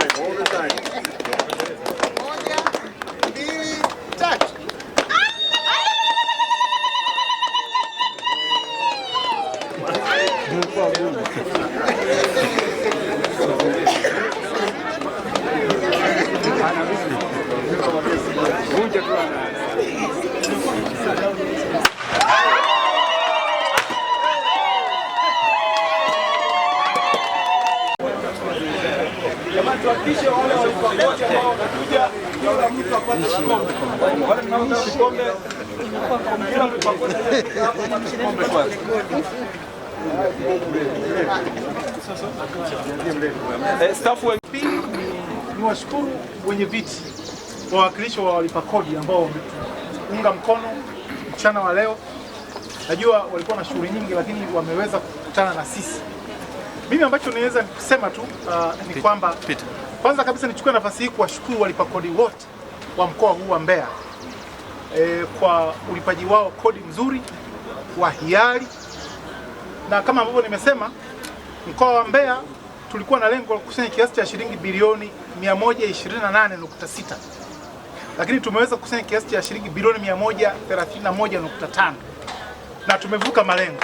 time, all the time. Touch. Будь аккуратна. Eh, ni washukuru wenye viti wawakilishi wa walipa kodi ambao wameunga mkono mchana wa leo. Najua walikuwa na shughuli nyingi, lakini wameweza kukutana na sisi. Mimi ambacho niweza kusema tu uh, ni kwamba kwanza kabisa nichukue nafasi hii kuwashukuru walipa kodi wote wa mkoa huu wa Mbeya e, kwa ulipaji wao kodi mzuri wa hiari, na kama ambavyo nimesema, mkoa wa Mbeya tulikuwa na lengo la kukusanya kiasi cha shilingi bilioni 128.6 lakini tumeweza kukusanya kiasi cha shilingi bilioni 131.5 na tumevuka malengo.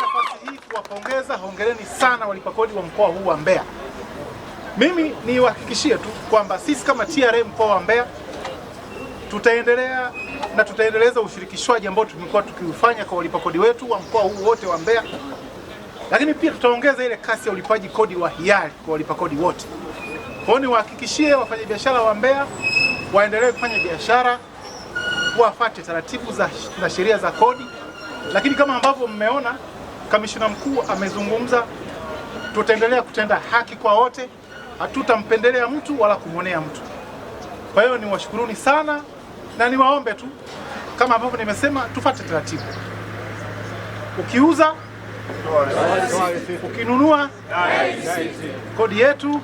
nafasi hii kuwapongeza, hongereni sana walipakodi wa mkoa huu wa Mbeya. Mimi niwahakikishie tu kwamba sisi kama TRA mkoa wa Mbeya tutaendelea na tutaendeleza ushirikishwaji ambao tumekuwa tukiufanya kwa walipa kodi wetu wa mkoa huu wote wa Mbeya, lakini pia tutaongeza ile kasi ya ulipaji kodi wa hiari kwa walipa kodi wote. Kwa hiyo niwahakikishie wafanyabiashara wa Mbeya waendelee kufanya biashara, wafate taratibu za, za sheria za kodi, lakini kama ambavyo mmeona kamishina mkuu amezungumza, tutaendelea kutenda haki kwa wote. Hatutampendelea mtu wala kumwonea mtu. Kwa hiyo niwashukuruni sana na niwaombe tu kama ambavyo nimesema, tufate taratibu. Ukiuza ukinunua, kodi yetu.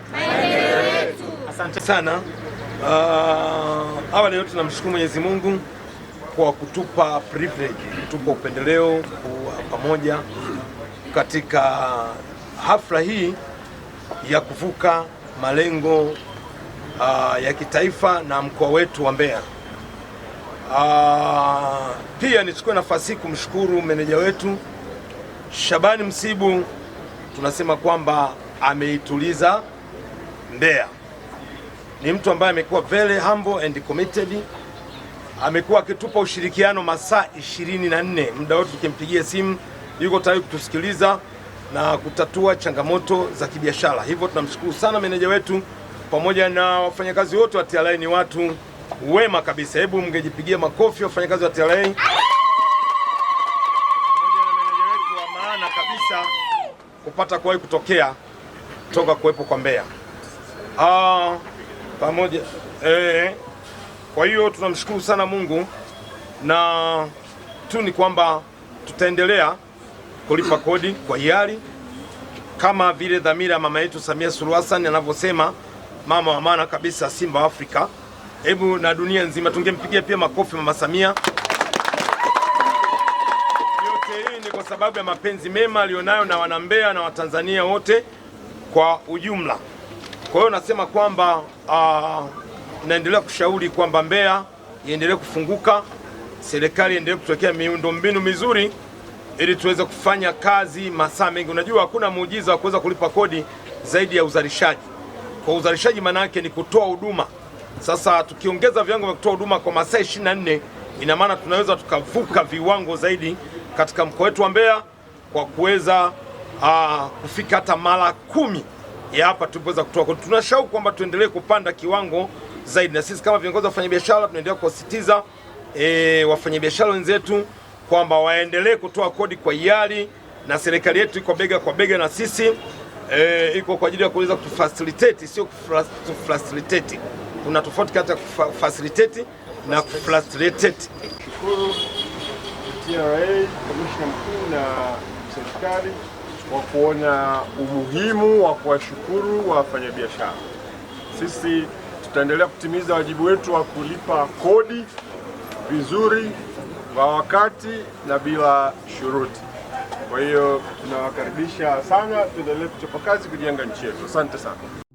Asante sana. Uh, awali yote namshukuru Mwenyezi Mungu kwa kutupa privilege, kutupa upendeleo kwa pamoja katika hafla hii ya kuvuka malengo uh, ya kitaifa na mkoa wetu wa Mbeya. Uh, pia nichukue nafasi hii kumshukuru meneja wetu Shabani Msibu, tunasema kwamba ameituliza Mbeya. Ni mtu ambaye amekuwa very humble and committed, amekuwa akitupa ushirikiano masaa ishirini na nne muda wote, tukimpigia simu yuko tayari kutusikiliza na kutatua changamoto za kibiashara. Hivyo tunamshukuru sana meneja wetu pamoja na wafanyakazi wote wa TRA, ni watu wema kabisa. Hebu mngejipigia makofi wafanyakazi wa TRA kabisa kupata kuwahi kutokea toka kuwepo kwa Mbeya. Ah, pamoja eh, kwa hiyo tunamshukuru sana Mungu na tu ni kwamba tutaendelea kulipa kodi kwa hiari kama vile dhamira ya mama yetu Samia Suluhu Hassan anavyosema, mama wa maana kabisa, Simba Afrika. Hebu na dunia nzima tungempigia pia makofi mama Samia. Yote hii ni kwa sababu ya mapenzi mema aliyonayo na wanambea na Watanzania wote kwa ujumla. Kwa hiyo nasema kwamba uh, naendelea kushauri kwamba Mbeya iendelee kufunguka, serikali iendelee miundo miundombinu mizuri ili tuweze kufanya kazi masaa mengi. Unajua hakuna muujiza wa kuweza kulipa kodi zaidi ya uzalishaji. Kwa uzalishaji maana yake ni kutoa huduma. Sasa tukiongeza viwango vya kutoa huduma kwa masaa 24 ina maana tunaweza tukavuka viwango zaidi katika mkoa wetu wa Mbeya kwa kuweza ah, kufika hata mara kumi ya hapa tulipoweza kutoa kodi. Tunashauku kwamba tuendelee kupanda kiwango zaidi, na sisi kama viongozi wa wafanyabiashara tunaendelea kusisitiza e, wafanyabiashara wenzetu kwamba waendelee kutoa kodi kwa hiari na serikali yetu iko bega kwa bega na sisi e, iko kwa ajili ya kuweza kutufacilitate, sio kufrustrate. Kuna tofauti kati ya kufacilitate na kufrustrate. Shukuru TRA, mkuu na serikali kwa kuona umuhimu wa kuwashukuru wafanyabiashara. Sisi tutaendelea kutimiza wajibu wetu wa kulipa kodi vizuri kwa wakati na bila shuruti. Kwa hiyo tunawakaribisha sana, tuendelee kuchapa kazi kujenga nchi yetu. Asante sana.